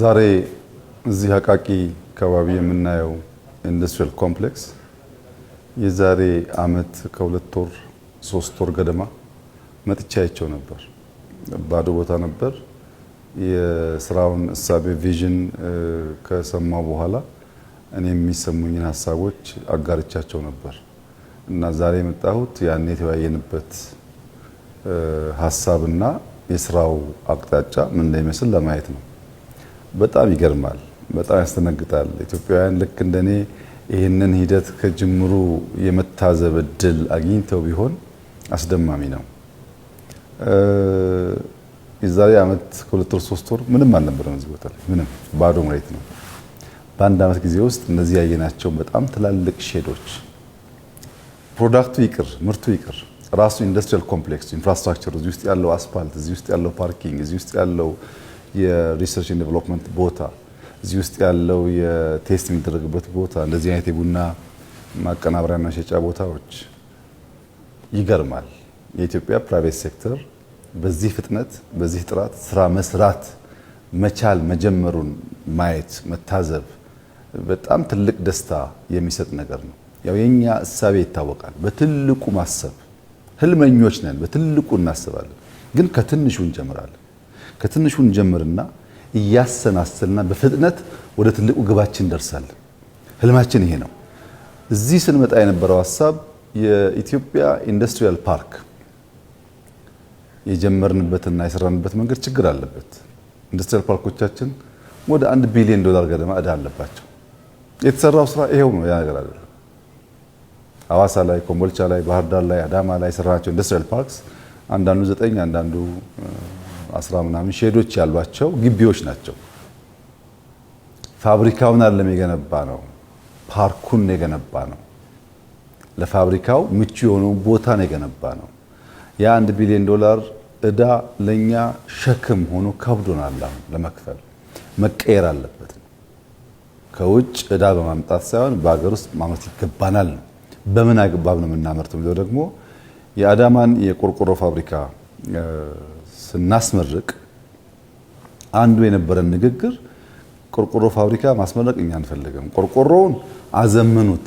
ዛሬ እዚህ አቃቂ አካባቢ የምናየው ኢንዱስትሪያል ኮምፕሌክስ የዛሬ አመት ከሁለት ወር ሶስት ወር ገደማ መጥቻቸው ነበር። ባዶ ቦታ ነበር። የስራውን እሳቤ ቪዥን ከሰማው በኋላ እኔ የሚሰሙኝን ሀሳቦች አጋርቻቸው ነበር እና ዛሬ የመጣሁት ያኔ የተወያየንበት ሀሳብና የስራው አቅጣጫ ምን እንደሚመስል ለማየት ነው። በጣም ይገርማል፣ በጣም ያስተነግጣል። ኢትዮጵያውያን ልክ እንደኔ ይህንን ሂደት ከጅምሩ የመታዘብ እድል አግኝተው ቢሆን አስደማሚ ነው። የዛሬ ዓመት ከሁለት ወር ሶስት ወር ምንም አልነበረም። እዚህ ቦታ ላይ ምንም ባዶ መሬት ነው። በአንድ ዓመት ጊዜ ውስጥ እነዚህ ያየናቸው በጣም ትላልቅ ሼዶች ፕሮዳክቱ ይቅር ምርቱ ይቅር ራሱ ኢንዱስትሪያል ኮምፕሌክስ ኢንፍራስትራክቸር እዚህ ውስጥ ያለው አስፓልት፣ እዚህ ውስጥ ያለው ፓርኪንግ፣ እዚህ ውስጥ ያለው የሪሰርች ኤንድ ዴቨሎፕመንት ቦታ እዚህ ውስጥ ያለው የቴስት የሚደረግበት ቦታ እንደዚህ አይነት የቡና ማቀናበሪያ እና ሸጫ ቦታዎች ይገርማል። የኢትዮጵያ ፕራይቬት ሴክተር በዚህ ፍጥነት በዚህ ጥራት ስራ መስራት መቻል መጀመሩን ማየት መታዘብ በጣም ትልቅ ደስታ የሚሰጥ ነገር ነው። ያው የኛ እሳቤ ይታወቃል። በትልቁ ማሰብ ህልመኞች ነን። በትልቁ እናስባለን፣ ግን ከትንሹ እንጀምራለን። ከትንሹን ጀምርና እያሰናስልና በፍጥነት ወደ ትልቁ ግባችን ደርሳል። ህልማችን ይሄ ነው። እዚህ ስንመጣ የነበረው ሀሳብ የኢትዮጵያ ኢንዱስትሪያል ፓርክ የጀመርንበትና የሰራንበት መንገድ ችግር አለበት። ኢንዱስትሪያል ፓርኮቻችን ወደ አንድ ቢሊዮን ዶላር ገደማ እዳ አለባቸው። የተሰራው ስራ ይሄው ነው። ያ ነገር አይደለም። ሐዋሳ ላይ፣ ኮምቦልቻ ላይ፣ ባህር ዳር ላይ፣ አዳማ ላይ የሰራናቸው ኢንዱስትሪያል ፓርክስ አንዳንዱ ዘጠኝ አንዳንዱ አስራ ምናምን ሼዶች ያሏቸው ግቢዎች ናቸው። ፋብሪካውን አለም የገነባ ነው፣ ፓርኩን የገነባ ነው። ለፋብሪካው ምቹ የሆነውን ቦታን የገነባ ነው። የአንድ ቢሊዮን ዶላር እዳ ለእኛ ሸክም ሆኖ ከብዶናል። አሁን ለመክፈል መቀየር አለበት። ከውጭ እዳ በማምጣት ሳይሆን በሀገር ውስጥ ማምረት ይገባናል ነው። በምን አግባብ ነው የምናመርተው? ደግሞ የአዳማን የቆርቆሮ ፋብሪካ ስናስመርቅ አንዱ የነበረን ንግግር ቆርቆሮ ፋብሪካ ማስመረቅ እኛ አንፈልግም፣ ቆርቆሮውን አዘምኑት፣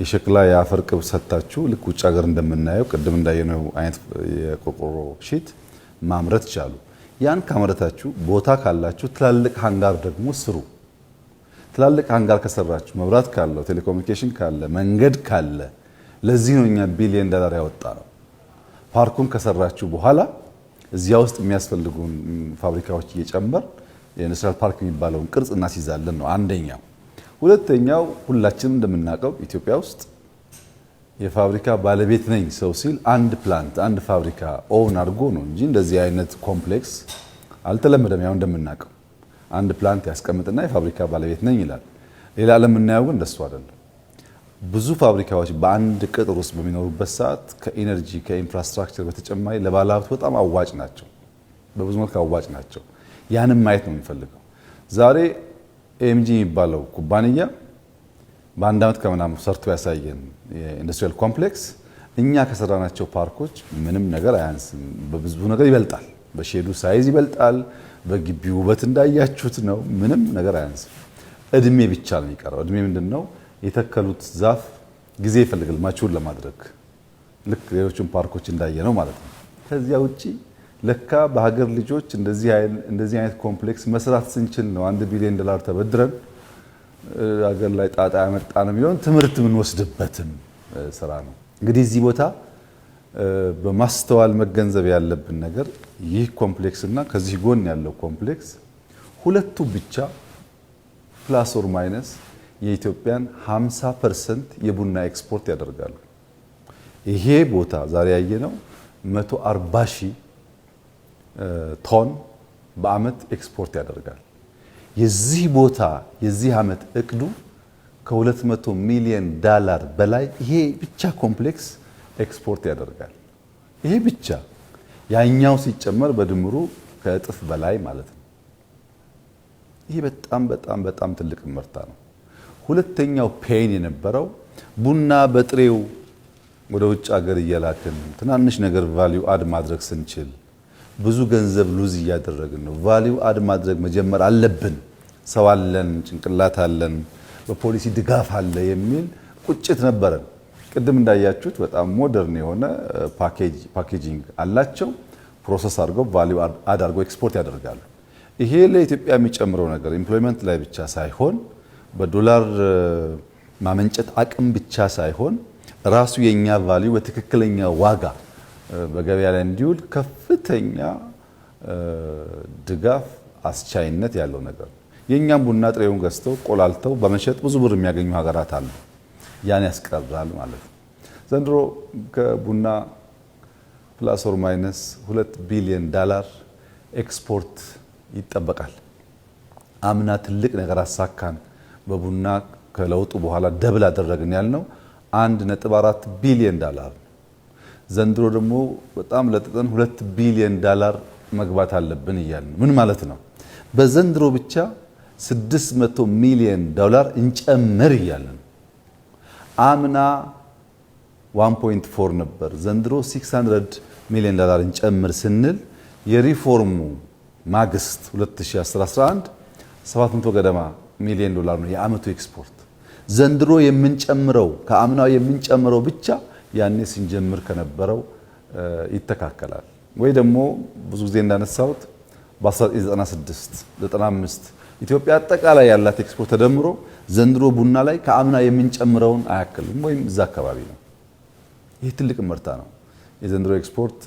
የሸክላ የአፈር ቅብ ሰጥታችሁ ልክ ውጭ ሀገር እንደምናየው ቅድም እንዳየነው አይነት የቆርቆሮ ሺት ማምረት ቻሉ። ያን ካመረታችሁ ቦታ ካላችሁ ትላልቅ ሃንጋር ደግሞ ስሩ። ትላልቅ ሃንጋር ከሰራችሁ መብራት ካለው ቴሌኮሙኒኬሽን ካለ መንገድ ካለ ለዚህ ነው እኛ ቢሊየን ዳላር ያወጣ ነው። ፓርኩን ከሰራችሁ በኋላ እዚያ ውስጥ የሚያስፈልጉን ፋብሪካዎች እየጨመር የኢንዱስትሪያል ፓርክ የሚባለውን ቅርጽ እናስይዛለን ነው አንደኛው። ሁለተኛው ሁላችንም እንደምናውቀው ኢትዮጵያ ውስጥ የፋብሪካ ባለቤት ነኝ ሰው ሲል አንድ ፕላንት አንድ ፋብሪካ ኦውን አድርጎ ነው እንጂ እንደዚህ አይነት ኮምፕሌክስ አልተለመደም። ያው እንደምናውቀው አንድ ፕላንት ያስቀምጥና የፋብሪካ ባለቤት ነኝ ይላል። ሌላ ለምናየው ግን እንደሱ አይደለም። ብዙ ፋብሪካዎች በአንድ ቅጥር ውስጥ በሚኖሩበት ሰዓት ከኢነርጂ ከኢንፍራስትራክቸር በተጨማሪ ለባለሀብት በጣም አዋጭ ናቸው፣ በብዙ መልክ አዋጭ ናቸው። ያንም ማየት ነው የምንፈልገው። ዛሬ ኤምጂ የሚባለው ኩባንያ በአንድ ዓመት ከምናምን ሰርቶ ያሳየን የኢንዱስትሪያል ኮምፕሌክስ እኛ ከሰራናቸው ፓርኮች ምንም ነገር አያንስም፣ በብዙ ነገር ይበልጣል። በሼዱ ሳይዝ ይበልጣል። በግቢው ውበት እንዳያችሁት ነው። ምንም ነገር አያንስም። እድሜ ብቻ ነው የሚቀረው። እድሜ ምንድን ነው? የተከሉት ዛፍ ጊዜ ይፈልጋል ማቹን ለማድረግ ልክ ሌሎችን ፓርኮች እንዳየ ነው ማለት ነው። ከዚያ ውጪ ለካ በሀገር ልጆች እንደዚህ አይነት ኮምፕሌክስ መስራት ስንችል ነው አንድ ቢሊዮን ዶላር ተበድረን ሀገር ላይ ጣጣ ያመጣ ነው የሚለውን ትምህርት የምንወስድበትም ስራ ነው። እንግዲህ እዚህ ቦታ በማስተዋል መገንዘብ ያለብን ነገር ይህ ኮምፕሌክስ እና ከዚህ ጎን ያለው ኮምፕሌክስ ሁለቱ ብቻ ፕላስ ኦር ማይነስ የኢትዮጵያን 50 ፐርሰንት የቡና ኤክስፖርት ያደርጋሉ። ይሄ ቦታ ዛሬ ያየነው 140 ሺህ ቶን በአመት ኤክስፖርት ያደርጋል። የዚህ ቦታ የዚህ አመት እቅዱ ከ200 ሚሊዮን ዳላር በላይ ይሄ ብቻ ኮምፕሌክስ ኤክስፖርት ያደርጋል። ይሄ ብቻ ያኛው ሲጨመር በድምሩ ከእጥፍ በላይ ማለት ነው። ይሄ በጣም በጣም በጣም ትልቅ ምርታ ነው። ሁለተኛው ፔን የነበረው ቡና በጥሬው ወደ ውጭ ሀገር እየላክን ትናንሽ ነገር ቫሊዩ አድ ማድረግ ስንችል ብዙ ገንዘብ ሉዝ እያደረግን ነው። ቫሊዩ አድ ማድረግ መጀመር አለብን። ሰው አለን፣ ጭንቅላት አለን፣ በፖሊሲ ድጋፍ አለ የሚል ቁጭት ነበረን። ቅድም እንዳያችሁት በጣም ሞደርን የሆነ ፓኬጂንግ አላቸው። ፕሮሰስ አድርገው ቫሊዩ አድ አድርገው ኤክስፖርት ያደርጋሉ። ይሄ ለኢትዮጵያ የሚጨምረው ነገር ኢምፕሎይመንት ላይ ብቻ ሳይሆን በዶላር ማመንጨት አቅም ብቻ ሳይሆን ራሱ የኛ ቫልዩ በትክክለኛ ዋጋ በገበያ ላይ እንዲውል ከፍተኛ ድጋፍ አስቻይነት ያለው ነገር ነው። የእኛም ቡና ጥሬውን ገዝተው ቆላልተው በመሸጥ ብዙ ብር የሚያገኙ ሀገራት አሉ። ያን ያስቀራል ማለት ነው። ዘንድሮ ከቡና ፕላስ ኦር ማይነስ ሁለት ቢሊዮን ዳላር ኤክስፖርት ይጠበቃል። አምና ትልቅ ነገር አሳካን። በቡና ከለውጡ በኋላ ደብል አደረግን ያልነው አንድ ነጥብ ቢሊዮን ዳላር ዘንድሮ ደግሞ በጣም ለጥጠን 2 ቢሊዮን ዳላር መግባት አለብን እያልን ምን ማለት ነው? በዘንድሮ ብቻ 600 ሚሊዮን ዶላር እንጨምር እያልን አምና 1.4 ነበር፣ ዘንድሮ 600 ሚሊዮን ዶላር እንጨምር ስንል የሪፎርሙ ማግስት 2011 700 ገደማ ሚሊዮን ዶላር ነው የአመቱ ኤክስፖርት። ዘንድሮ የምንጨምረው ከአምናው የምንጨምረው ብቻ ያኔ ስንጀምር ከነበረው ይተካከላል ወይ ደግሞ ብዙ ጊዜ እንዳነሳሁት በ1996 95 ኢትዮጵያ አጠቃላይ ያላት ኤክስፖርት ተደምሮ ዘንድሮ ቡና ላይ ከአምና የምንጨምረውን አያክልም ወይም እዛ አካባቢ ነው። ይህ ትልቅ ምርታ ነው። የዘንድሮ ኤክስፖርት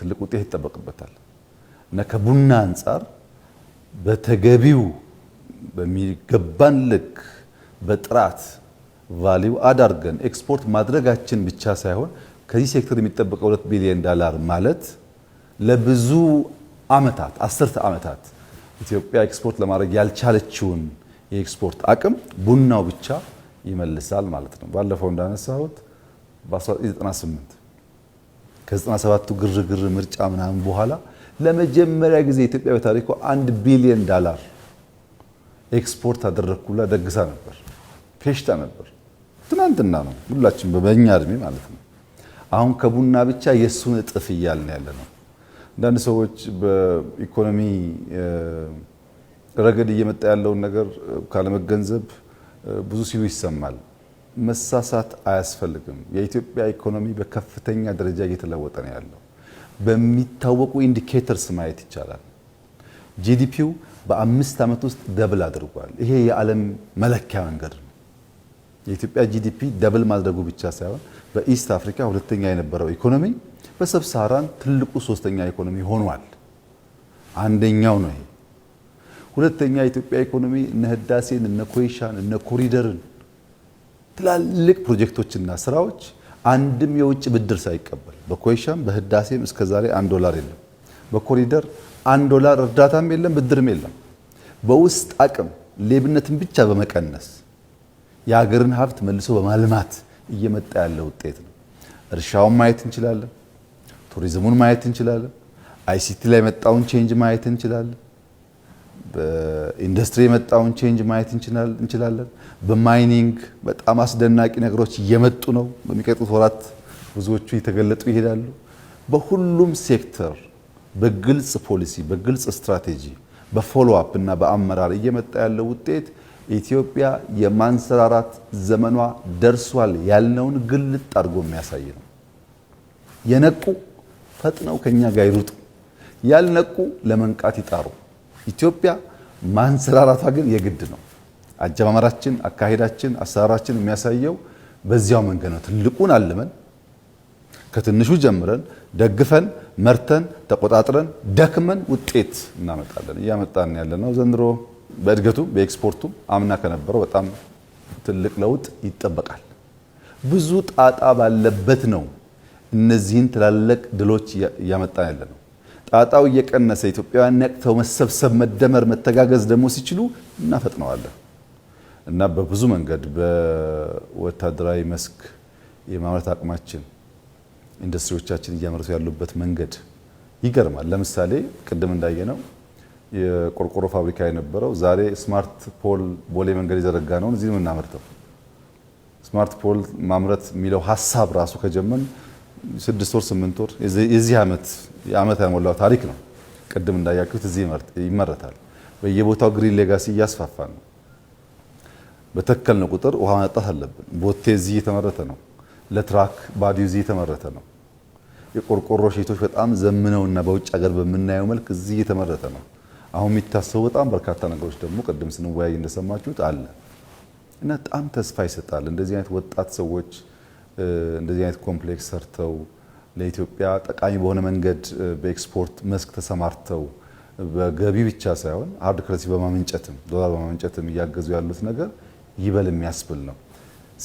ትልቅ ውጤት ይጠበቅበታል እና ከቡና አንጻር በተገቢው በሚገባን ልክ በጥራት ቫሊዩ አዳርገን ኤክስፖርት ማድረጋችን ብቻ ሳይሆን ከዚህ ሴክተር የሚጠበቀው ሁለት ቢሊዮን ዶላር ማለት ለብዙ ዓመታት አስርተ ዓመታት ኢትዮጵያ ኤክስፖርት ለማድረግ ያልቻለችውን የኤክስፖርት አቅም ቡናው ብቻ ይመልሳል ማለት ነው። ባለፈው እንዳነሳሁት በ1998 ከ97ቱ ግርግር ምርጫ ምናምን በኋላ ለመጀመሪያ ጊዜ ኢትዮጵያ በታሪኮ አንድ ቢሊዮን ዳላር ። ኤክስፖርት አደረግኩላ ደግሳ ነበር። ፌሽታ ነበር። ትናንትና ነው ሁላችን በኛ እድሜ ማለት ነው። አሁን ከቡና ብቻ የእሱን እጥፍ እያልን ያለ ነው። አንዳንድ ሰዎች በኢኮኖሚ ረገድ እየመጣ ያለውን ነገር ካለመገንዘብ ብዙ ሲሉ ይሰማል። መሳሳት አያስፈልግም። የኢትዮጵያ ኢኮኖሚ በከፍተኛ ደረጃ እየተለወጠ ነው ያለው። በሚታወቁ ኢንዲኬተርስ ማየት ይቻላል። ጂዲፒው በአምስት ዓመት ውስጥ ደብል አድርጓል። ይሄ የዓለም መለኪያ መንገድ ነው። የኢትዮጵያ ጂዲፒ ደብል ማድረጉ ብቻ ሳይሆን በኢስት አፍሪካ ሁለተኛ የነበረው ኢኮኖሚ በሰብሳራን ትልቁ ሶስተኛ ኢኮኖሚ ሆኗል። አንደኛው ነው ይሄ። ሁለተኛ የኢትዮጵያ ኢኮኖሚ እነ ህዳሴን፣ እነ ኮይሻን፣ እነ ኮሪደርን ትላልቅ ፕሮጀክቶችና ስራዎች አንድም የውጭ ብድር ሳይቀበል በኮይሻም በህዳሴም እስከዛሬ አንድ ዶላር የለም። በኮሪደር አንድ ዶላር እርዳታም የለም ብድርም የለም። በውስጥ አቅም ሌብነትን ብቻ በመቀነስ የሀገርን ሀብት መልሶ በማልማት እየመጣ ያለ ውጤት ነው። እርሻውን ማየት እንችላለን። ቱሪዝሙን ማየት እንችላለን። አይሲቲ ላይ የመጣውን ቼንጅ ማየት እንችላለን። በኢንዱስትሪ የመጣውን ቼንጅ ማየት እንችላለን። በማይኒንግ በጣም አስደናቂ ነገሮች እየመጡ ነው። በሚቀጥሉት ወራት ብዙዎቹ እየተገለጡ ይሄዳሉ። በሁሉም ሴክተር በግልጽ ፖሊሲ፣ በግልጽ ስትራቴጂ፣ በፎሎ አፕ እና በአመራር እየመጣ ያለው ውጤት ኢትዮጵያ የማንሰራራት ዘመኗ ደርሷል ያልነውን ግልጥ አድርጎ የሚያሳይ ነው። የነቁ ፈጥነው ከኛ ጋር ይሩጡ፣ ያልነቁ ለመንቃት ይጣሩ። ኢትዮጵያ ማንሰራራቷ ግን የግድ ነው። አጀማመራችን፣ አካሄዳችን፣ አሰራራችን የሚያሳየው በዚያው መንገድ ነው። ትልቁን አልመን ከትንሹ ጀምረን ደግፈን መርተን ተቆጣጥረን ደክመን ውጤት እናመጣለን። እያመጣን ያለ ነው። ዘንድሮ በእድገቱ በኤክስፖርቱ አምና ከነበረው በጣም ትልቅ ለውጥ ይጠበቃል። ብዙ ጣጣ ባለበት ነው እነዚህን ትላልቅ ድሎች እያመጣን ያለ ነው። ጣጣው እየቀነሰ ኢትዮጵያውያን ነቅተው መሰብሰብ፣ መደመር፣ መተጋገዝ ደግሞ ሲችሉ እናፈጥነዋለን እና በብዙ መንገድ በወታደራዊ መስክ የማምረት አቅማችን ኢንዱስትሪዎቻችን እያመረቱ ያሉበት መንገድ ይገርማል። ለምሳሌ ቅድም እንዳየነው የቆርቆሮ ፋብሪካ የነበረው ዛሬ ስማርት ፖል ቦሌ መንገድ የዘረጋ ነውን እዚህ የምናመርተው ስማርት ፖል ማምረት የሚለው ሀሳብ ራሱ ከጀመን ስድስት ወር ስምንት ወር የዚህ ዓመት የዓመት ያሞላው ታሪክ ነው። ቅድም እንዳያችሁት እዚህ ይመረታል። በየቦታው ግሪን ሌጋሲ እያስፋፋ ነው። በተከልነው ቁጥር ውሃ ማጠጣት አለብን። ቦቴ እዚህ የተመረተ ነው። ለትራክ ባዲው እዚህ የተመረተ ነው። የቆርቆሮ ሼቶች በጣም ዘምነውና በውጭ ሀገር በምናየው መልክ እዚህ እየተመረተ ነው። አሁን የሚታሰቡ በጣም በርካታ ነገሮች ደግሞ ቅድም ስንወያይ እንደሰማችሁት አለ እና በጣም ተስፋ ይሰጣል። እንደዚህ አይነት ወጣት ሰዎች እንደዚህ አይነት ኮምፕሌክስ ሰርተው ለኢትዮጵያ ጠቃሚ በሆነ መንገድ በኤክስፖርት መስክ ተሰማርተው በገቢ ብቻ ሳይሆን ሀርድ ከረንሲ በማመንጨትም ዶላር በማመንጨትም እያገዙ ያሉት ነገር ይበል የሚያስብል ነው።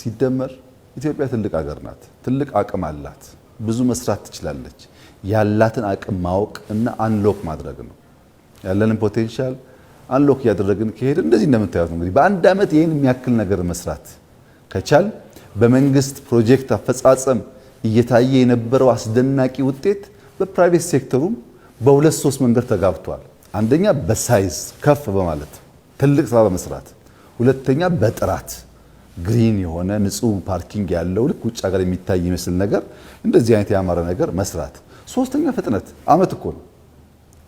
ሲደመር ኢትዮጵያ ትልቅ ሀገር ናት፣ ትልቅ አቅም አላት። ብዙ መስራት ትችላለች። ያላትን አቅም ማወቅ እና አንሎክ ማድረግ ነው። ያለንን ፖቴንሻል አንሎክ እያደረግን ከሄድ እንደዚህ እንደምታዩት እንግዲህ በአንድ ዓመት ይህን የሚያክል ነገር መስራት ከቻል በመንግስት ፕሮጀክት አፈጻጸም እየታየ የነበረው አስደናቂ ውጤት በፕራይቬት ሴክተሩም በሁለት ሶስት መንገድ ተጋብቷል። አንደኛ በሳይዝ ከፍ በማለት ትልቅ ስራ በመስራት፣ ሁለተኛ በጥራት ግሪን የሆነ ንጹህ ፓርኪንግ ያለው ልክ ውጭ ሀገር የሚታይ ይመስል ነገር እንደዚህ አይነት ያማረ ነገር መስራት። ሶስተኛ ፍጥነት አመት እኮ ነው።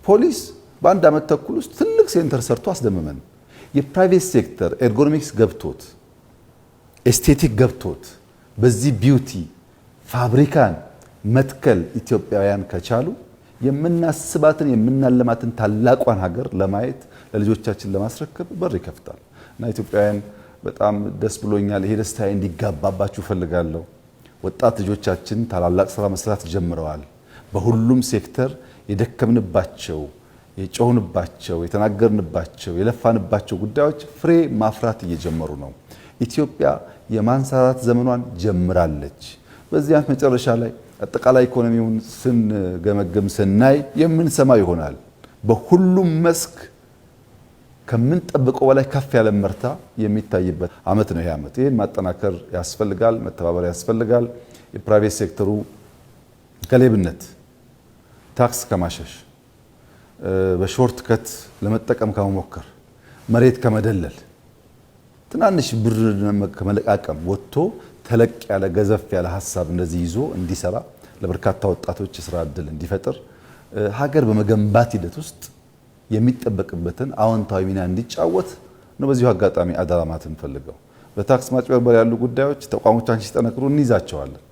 ፖሊስ በአንድ አመት ተኩል ውስጥ ትልቅ ሴንተር ሰርቶ አስደምመን የፕራይቬት ሴክተር ኤርጎኖሚክስ ገብቶት ኤስቴቲክ ገብቶት በዚህ ቢዩቲ ፋብሪካን መትከል ኢትዮጵያውያን ከቻሉ የምናስባትን የምናለማትን ታላቋን ሀገር ለማየት ለልጆቻችን ለማስረከብ በር ይከፍታል እና ኢትዮጵያውያን በጣም ደስ ብሎኛል። ይሄ ደስታ እንዲጋባባችሁ ፈልጋለሁ ወጣት ልጆቻችን ታላላቅ ስራ መስራት ጀምረዋል። በሁሉም ሴክተር የደከምንባቸው፣ የጮህንባቸው፣ የተናገርንባቸው፣ የለፋንባቸው ጉዳዮች ፍሬ ማፍራት እየጀመሩ ነው። ኢትዮጵያ የማንሰራራት ዘመኗን ጀምራለች። በዚህ ዓመት መጨረሻ ላይ አጠቃላይ ኢኮኖሚውን ስንገመግም ስናይ የምንሰማ ይሆናል። በሁሉም መስክ ከምንጠብቀው በላይ ከፍ ያለ መርታ የሚታይበት አመት ነው ይህ ዓመት። ይህን ማጠናከር ያስፈልጋል፣ መተባበር ያስፈልጋል። የፕራይቬት ሴክተሩ ከሌብነት ታክስ ከማሸሽ በሾርት ከት ለመጠቀም ከመሞከር መሬት ከመደለል ትናንሽ ብር ከመለቃቀም ወጥቶ ተለቅ ያለ ገዘፍ ያለ ሀሳብ እንደዚህ ይዞ እንዲሰራ ለበርካታ ወጣቶች የስራ እድል እንዲፈጥር ሀገር በመገንባት ሂደት ውስጥ የሚጠበቅበትን አዎንታዊ ሚና እንዲጫወት ነው። በዚሁ አጋጣሚ አደራ ማለት እንፈልገው። በታክስ ማጭበርበር ያሉ ጉዳዮች ተቋሞቻችን ሲጠነክሩ እንይዛቸዋለን።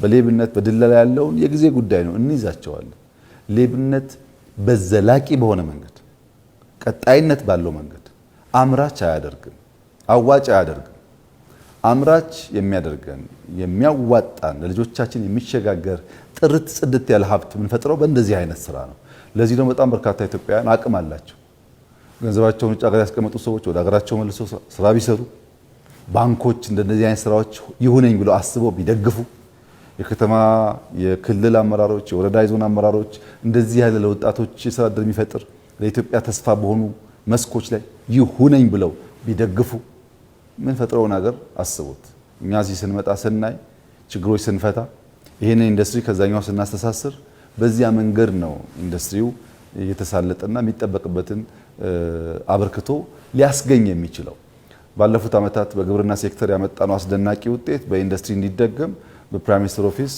በሌብነት በድለላ ያለውን የጊዜ ጉዳይ ነው፣ እንይዛቸዋለን። ሌብነት በዘላቂ በሆነ መንገድ ቀጣይነት ባለው መንገድ አምራች አያደርግም፣ አዋጭ አያደርግም። አምራች የሚያደርገን የሚያዋጣን ለልጆቻችን የሚሸጋገር ጥርት ጽድት ያለ ሀብት የምንፈጥረው በእንደዚህ አይነት ስራ ነው። ለዚህ ደግሞ በጣም በርካታ ኢትዮጵያውያን አቅም አላቸው። ገንዘባቸውን ውጭ ሀገር ያስቀመጡ ሰዎች ወደ ሀገራቸው መልሰው ስራ ቢሰሩ፣ ባንኮች እንደነዚህ አይነት ስራዎች ይሁነኝ ብለው አስበው ቢደግፉ፣ የከተማ የክልል አመራሮች፣ የወረዳ የዞን አመራሮች እንደዚህ ያለ ለወጣቶች የስራ እድል የሚፈጥር ለኢትዮጵያ ተስፋ በሆኑ መስኮች ላይ ይሁነኝ ብለው ቢደግፉ፣ ምን ፈጥረውን ሀገር አስቡት። እኛ እዚህ ስንመጣ ስናይ ችግሮች ስንፈታ ይህንን ኢንዱስትሪ ከዛኛው ስናስተሳስር በዚያ መንገድ ነው ኢንዱስትሪው የተሳለጠና የሚጠበቅበትን አበርክቶ ሊያስገኝ የሚችለው። ባለፉት ዓመታት በግብርና ሴክተር ያመጣነው አስደናቂ ውጤት በኢንዱስትሪ እንዲደገም በፕራይም ሚኒስትር ኦፊስ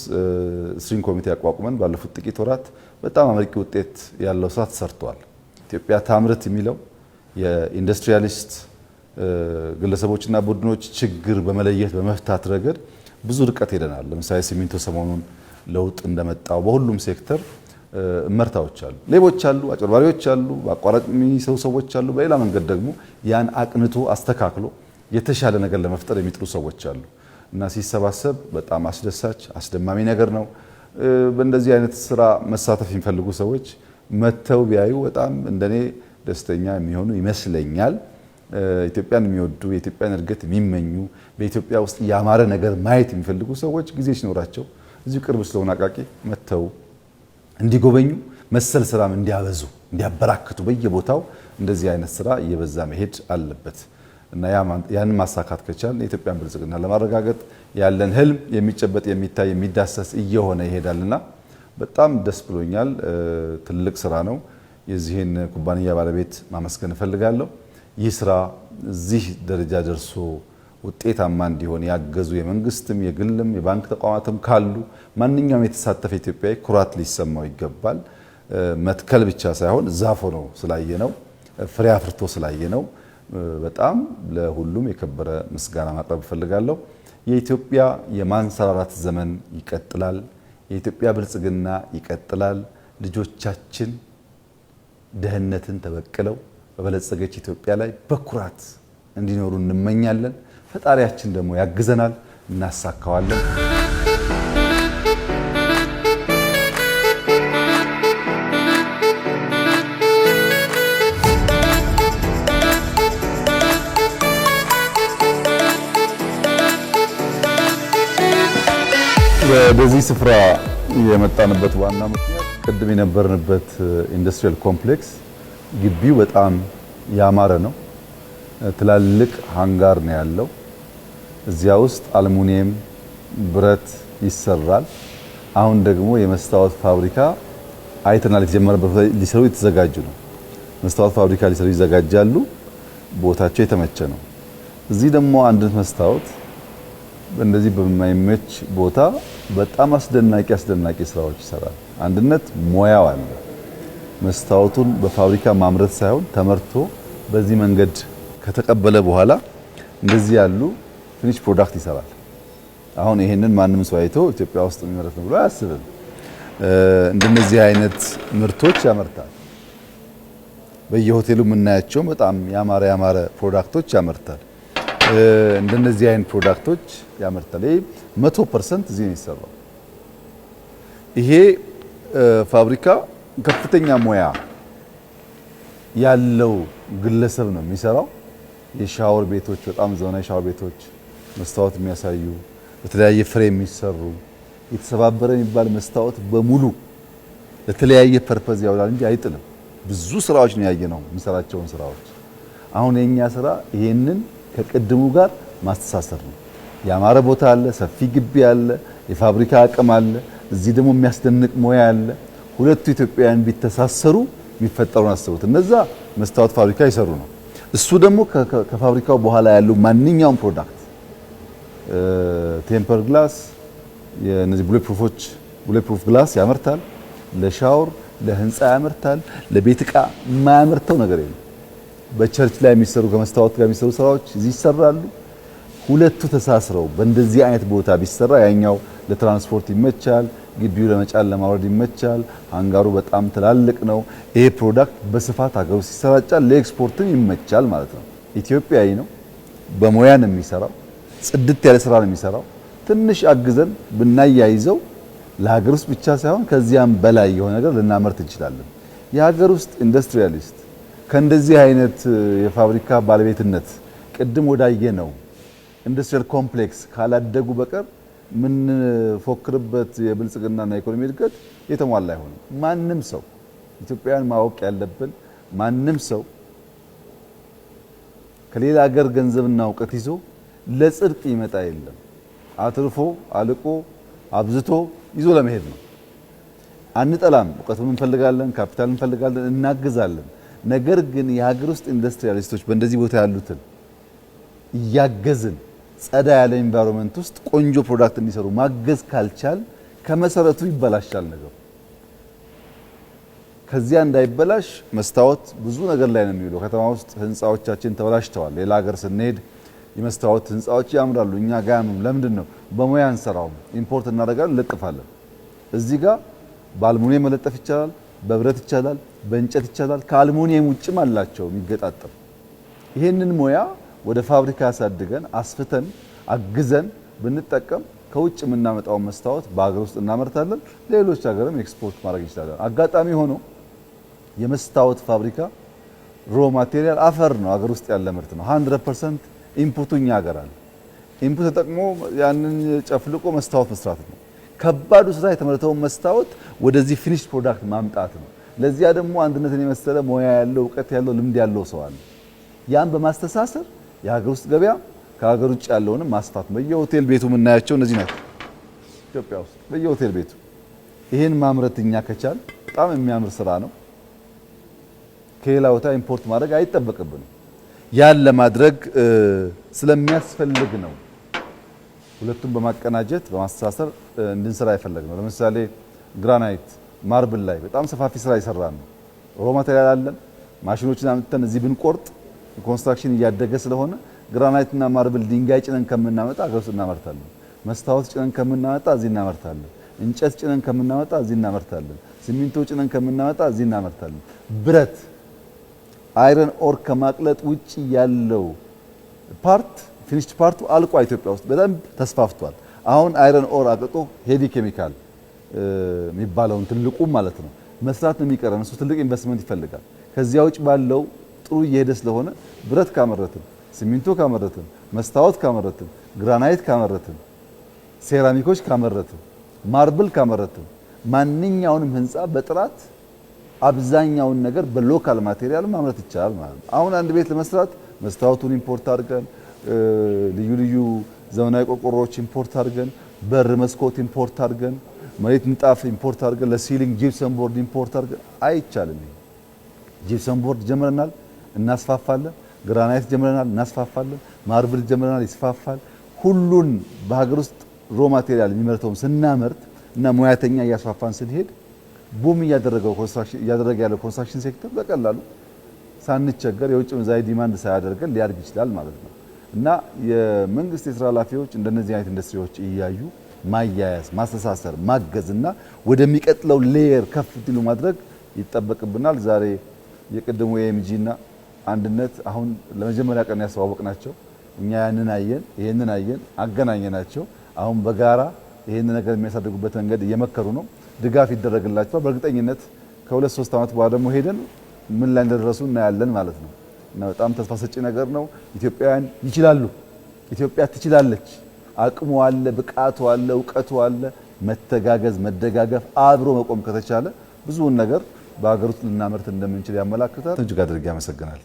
ስትሪንግ ኮሚቴ አቋቁመን ባለፉት ጥቂት ወራት በጣም አመርቂ ውጤት ያለው ስራ ተሰርቷል። ኢትዮጵያ ታምርት የሚለው የኢንዱስትሪያሊስት ግለሰቦችና ቡድኖች ችግር በመለየት በመፍታት ረገድ ብዙ ርቀት ሄደናል። ለምሳሌ ሲሚንቶ ሰሞኑን ለውጥ እንደመጣው በሁሉም ሴክተር መርታዎች አሉ። ሌቦች አሉ፣ አጭበርባሪዎች አሉ፣ በአቋራጭ የሚሰሩ ሰዎች አሉ። በሌላ መንገድ ደግሞ ያን አቅንቶ አስተካክሎ የተሻለ ነገር ለመፍጠር የሚጥሩ ሰዎች አሉ እና ሲሰባሰብ በጣም አስደሳች አስደማሚ ነገር ነው። በእንደዚህ አይነት ስራ መሳተፍ የሚፈልጉ ሰዎች መጥተው ቢያዩ በጣም እንደኔ ደስተኛ የሚሆኑ ይመስለኛል። ኢትዮጵያን የሚወዱ የኢትዮጵያን እድገት የሚመኙ በኢትዮጵያ ውስጥ ያማረ ነገር ማየት የሚፈልጉ ሰዎች ጊዜ ሲኖራቸው እዚሁ ቅርብ ስለሆነ አቃቂ መጥተው እንዲጎበኙ መሰል ስራም እንዲያበዙ እንዲያበራክቱ በየቦታው እንደዚህ አይነት ስራ እየበዛ መሄድ አለበት እና ያንን ማሳካት ከቻል የኢትዮጵያን ብልጽግና ለማረጋገጥ ያለን ህልም የሚጨበጥ የሚታይ የሚዳሰስ እየሆነ ይሄዳልና በጣም ደስ ብሎኛል። ትልቅ ስራ ነው። የዚህን ኩባንያ ባለቤት ማመስገን እፈልጋለሁ። ይህ ስራ እዚህ ደረጃ ደርሶ ውጤታማ እንዲሆን ያገዙ የመንግስትም የግልም የባንክ ተቋማትም ካሉ ማንኛውም የተሳተፈ ኢትዮጵያዊ ኩራት ሊሰማው ይገባል። መትከል ብቻ ሳይሆን ዛፍ ሆኖ ስላየ ነው፣ ፍሬ አፍርቶ ስላየ ነው። በጣም ለሁሉም የከበረ ምስጋና ማቅረብ እፈልጋለሁ። የኢትዮጵያ የማንሰራራት ዘመን ይቀጥላል። የኢትዮጵያ ብልጽግና ይቀጥላል። ልጆቻችን ድህነትን ተበቅለው በበለጸገች ኢትዮጵያ ላይ በኩራት እንዲኖሩ እንመኛለን። ፈጣሪያችን ደግሞ ያግዘናል፣ እናሳካዋለን። በዚህ ስፍራ የመጣንበት ዋና ምክንያት ቅድም የነበርንበት ኢንዱስትሪያል uh, ኮምፕሌክስ ግቢው በጣም ያማረ ነው። ትላልቅ ሃንጋር ነው ያለው። እዚያ ውስጥ አልሙኒየም ብረት ይሰራል። አሁን ደግሞ የመስታወት ፋብሪካ አይተናል። የተጀመረበት ሊሰሩ የተዘጋጁ ነው። መስታወት ፋብሪካ ሊሰሩ ይዘጋጃሉ። ቦታቸው የተመቸ ነው። እዚህ ደግሞ አንድነት መስታወት እንደዚህ በማይመች ቦታ በጣም አስደናቂ አስደናቂ ስራዎች ይሰራል። አንድነት ሙያው አለ። መስታወቱን በፋብሪካ ማምረት ሳይሆን ተመርቶ በዚህ መንገድ ከተቀበለ በኋላ እንደዚህ ያሉ ፊኒሽ ፕሮዳክት ይሰራል። አሁን ይሄንን ማንም ሰው አይቶ ኢትዮጵያ ውስጥ የሚመረት ነው ብሎ አያስብም። እንደነዚህ አይነት ምርቶች ያመርታል። በየሆቴሉ የምናያቸው በጣም ያማረ ያማረ ፕሮዳክቶች ያመርታል። እንደነዚህ አይነት ፕሮዳክቶች ያመርታል። ይሄ 100% እዚህ ነው የሚሰራው። ይሄ ፋብሪካ ከፍተኛ ሙያ ያለው ግለሰብ ነው የሚሰራው። የሻወር ቤቶች በጣም ዘመናዊ የሻወር ቤቶች መስታወት የሚያሳዩ በተለያየ ፍሬ የሚሰሩ የተሰባበረ የሚባል መስታወት በሙሉ ለተለያየ ፐርፐዝ ያውላል እንጂ አይጥልም። ብዙ ስራዎች ነው ያየ ነው የሚሰራቸውን ስራዎች። አሁን የኛ ስራ ይሄንን ከቅድሙ ጋር ማስተሳሰር ነው። ያማረ ቦታ አለ፣ ሰፊ ግቢ አለ፣ የፋብሪካ አቅም አለ፣ እዚህ ደግሞ የሚያስደንቅ ሙያ አለ። ሁለቱ ኢትዮጵያውያን ቢተሳሰሩ የሚፈጠሩን አስቡት። እነዛ መስታወት ፋብሪካ ይሰሩ ነው እሱ ደግሞ ከፋብሪካው በኋላ ያለው ማንኛውም ፕሮዳክት ቴምፐር ግላስ የነዚህ ቡሌፕሩፎች ፕሩፍ ግላስ ያመርታል። ለሻወር ለህንፃ ያመርታል። ለቤት ዕቃ የማያመርተው ነገር የለም። በቸርች ላይ የሚሰሩ ከመስታወት ጋር የሚሰሩ ስራዎች እዚህ ይሰራሉ። ሁለቱ ተሳስረው በእንደዚህ አይነት ቦታ ቢሰራ ያኛው ለትራንስፖርት ይመቻል። ግቢው ለመጫን ለማውረድ ይመቻል። አንጋሩ በጣም ትላልቅ ነው። ይሄ ፕሮዳክት በስፋት ሀገር ውስጥ ይሰራጫል፣ ለኤክስፖርትም ይመቻል ማለት ነው። ኢትዮጵያዊ ነው፣ በሙያ ነው የሚሰራው፣ ጽድት ያለ ስራ ነው የሚሰራው። ትንሽ አግዘን ብናያይዘው ለሀገር ውስጥ ብቻ ሳይሆን ከዚያም በላይ የሆነ ነገር ልናመርት እንችላለን። የሀገር ውስጥ ኢንዱስትሪያሊስት ከእንደዚህ አይነት የፋብሪካ ባለቤትነት ቅድም ወዳየ ነው ኢንዱስትሪያል ኮምፕሌክስ ካላደጉ በቀር የምንፎክርበት የብልጽግናና የኢኮኖሚ እድገት የተሟላ አይሆንም። ማንም ሰው ኢትዮጵያን ማወቅ ያለብን ማንም ሰው ከሌላ ሀገር ገንዘብና እውቀት ይዞ ለጽድቅ ይመጣ የለም። አትርፎ አልቆ አብዝቶ ይዞ ለመሄድ ነው። አንጠላም። እውቀቱን እንፈልጋለን፣ ካፒታል እንፈልጋለን፣ እናግዛለን። ነገር ግን የሀገር ውስጥ ኢንዱስትሪያሊስቶች በእንደዚህ ቦታ ያሉትን እያገዝን ጸዳ ያለ ኢንቫይሮንመንት ውስጥ ቆንጆ ፕሮዳክት እንዲሰሩ ማገዝ ካልቻል ከመሰረቱ ይበላሻል ነገሩ። ከዚያ እንዳይበላሽ መስታወት ብዙ ነገር ላይ ነው የሚውለው። ከተማ ውስጥ ህንፃዎቻችን ተበላሽተዋል። ሌላ ሀገር ስንሄድ የመስታወት ህንፃዎች ያምራሉ፣ እኛ ጋ ያምም። ለምንድን ነው በሙያ እንሰራውም? ኢምፖርት እናደርጋለን፣ እንለጥፋለን። እዚህ ጋር በአልሙኒየም መለጠፍ ይቻላል፣ በብረት ይቻላል፣ በእንጨት ይቻላል። ከአልሙኒየም ውጭም አላቸው የሚገጣጠም ይሄንን ሙያ ወደ ፋብሪካ አሳድገን አስፍተን አግዘን ብንጠቀም ከውጭ የምናመጣውን መስታወት በሀገር ውስጥ እናመርታለን። ሌሎች ሀገርም ኤክስፖርት ማድረግ እንችላለን። አጋጣሚ ሆኖ የመስታወት ፋብሪካ ሮ ማቴሪያል አፈር ነው፣ ሀገር ውስጥ ያለ ምርት ነው። 100 ፐርሰንት ኢንፑቱ እኛ ሀገር አለ። ኢንፑት ተጠቅሞ ያንን ጨፍልቆ መስታወት መስራት ነው። ከባዱ ስራ የተመረተውን መስታወት ወደዚህ ፊኒሽ ፕሮዳክት ማምጣት ነው። ለዚያ ደግሞ አንድነትን የመሰለ ሙያ ያለው እውቀት ያለው ልምድ ያለው ሰው አለ። ያን በማስተሳሰር የሀገር ውስጥ ገበያ ከሀገር ውጭ ያለውንም ማስፋት በየሆቴል ቤቱ የምናያቸው እነዚህ ናቸው። ኢትዮጵያ ውስጥ በየሆቴል ቤቱ ይህን ማምረት እኛ ከቻል በጣም የሚያምር ስራ ነው። ከሌላ ቦታ ኢምፖርት ማድረግ አይጠበቅብንም። ያን ለማድረግ ስለሚያስፈልግ ነው ሁለቱም በማቀናጀት በማስተሳሰር እንድንሰራ የፈለግ ነው። ለምሳሌ ግራናይት ማርብል ላይ በጣም ሰፋፊ ስራ ይሰራ ነው። ሮማ አለን። ማሽኖችን አምጥተን እዚህ ብንቆርጥ ኮንስትራክሽን እያደገ ስለሆነ ግራናይትና ማርብል ድንጋይ ጭነን ከምናመጣ አገር ውስጥ እናመርታለን። መስታወት ጭነን ከምናመጣ እዚህ እናመርታለን። እንጨት ጭነን ከምናመጣ እዚህ እናመርታለን። ሲሚንቶ ጭነን ከምናመጣ እዚህ እናመርታለን። ብረት፣ አይረን ኦር ከማቅለጥ ውጭ ያለው ፓርት ፊኒሽድ ፓርቱ አልቋ ኢትዮጵያ ውስጥ በደንብ ተስፋፍቷል። አሁን አይረን ኦር አቅጦ ሄቪ ኬሚካል የሚባለውን ትልቁ ማለት ነው መስራት ነው የሚቀረን። እሱ ትልቅ ኢንቨስትመንት ይፈልጋል። ከዚያ ውጭ ባለው ጥሩ እየሄደ ስለሆነ ብረት ካመረትን፣ ሲሚንቶ ካመረትን፣ መስታወት ካመረትን፣ ግራናይት ካመረትን፣ ሴራሚኮች ካመረትን፣ ማርብል ካመረትን ማንኛውንም ህንፃ በጥራት አብዛኛውን ነገር በሎካል ማቴሪያል ማምረት ይቻላል ማለት ነው። አሁን አንድ ቤት ለመስራት መስታወቱን ኢምፖርት አድርገን ልዩ ልዩ ዘመናዊ ቆርቆሮዎች ኢምፖርት አድርገን በር፣ መስኮት ኢምፖርት አድርገን መሬት ንጣፍ ኢምፖርት አድርገን ለሲሊንግ ጂፕሰም ቦርድ ኢምፖርት አድርገን አይቻልም። ጂፕሰም ቦርድ ጀምረናል። እናስፋፋለን። ግራናይት ጀምረናል፣ እናስፋፋለን። ማርብል ጀምረናል፣ ይስፋፋል። ሁሉን በሀገር ውስጥ ሮ ማቴሪያል የሚመርተውን ስናመርት እና ሙያተኛ እያስፋፋን ስንሄድ ቡም እያደረገ ያለው ኮንስትራክሽን ሴክተር በቀላሉ ሳንቸገር የውጭ ምንዛሪ ዲማንድ ሳያደርገን ሊያድግ ይችላል ማለት ነው እና የመንግስት የስራ ኃላፊዎች እንደነዚህ አይነት ኢንዱስትሪዎች እያዩ ማያያዝ፣ ማስተሳሰር፣ ማገዝ እና ወደሚቀጥለው ሌየር ከፍ እንዲሉ ማድረግ ይጠበቅብናል። ዛሬ የቅድሙ የኤምጂ እና አንድነት አሁን ለመጀመሪያ ቀን ያስተዋወቅ ናቸው። እኛ ያንን አየን፣ ይህንን አየን፣ አገናኘ ናቸው። አሁን በጋራ ይህን ነገር የሚያሳድጉበት መንገድ እየመከሩ ነው። ድጋፍ ይደረግላቸዋል። በእርግጠኝነት ከሁለት ሶስት ዓመት በኋላ ደግሞ ሄደን ምን ላይ እንደደረሱ እናያለን ማለት ነው እና በጣም ተስፋ ሰጪ ነገር ነው። ኢትዮጵያውያን ይችላሉ። ኢትዮጵያ ትችላለች። አቅሙ አለ፣ ብቃቱ አለ፣ እውቀቱ አለ። መተጋገዝ፣ መደጋገፍ፣ አብሮ መቆም ከተቻለ ብዙውን ነገር በሀገር ውስጥ ልናመርት እንደምንችል ያመላክታል። እጅግ አድርጌ ያመሰግናል።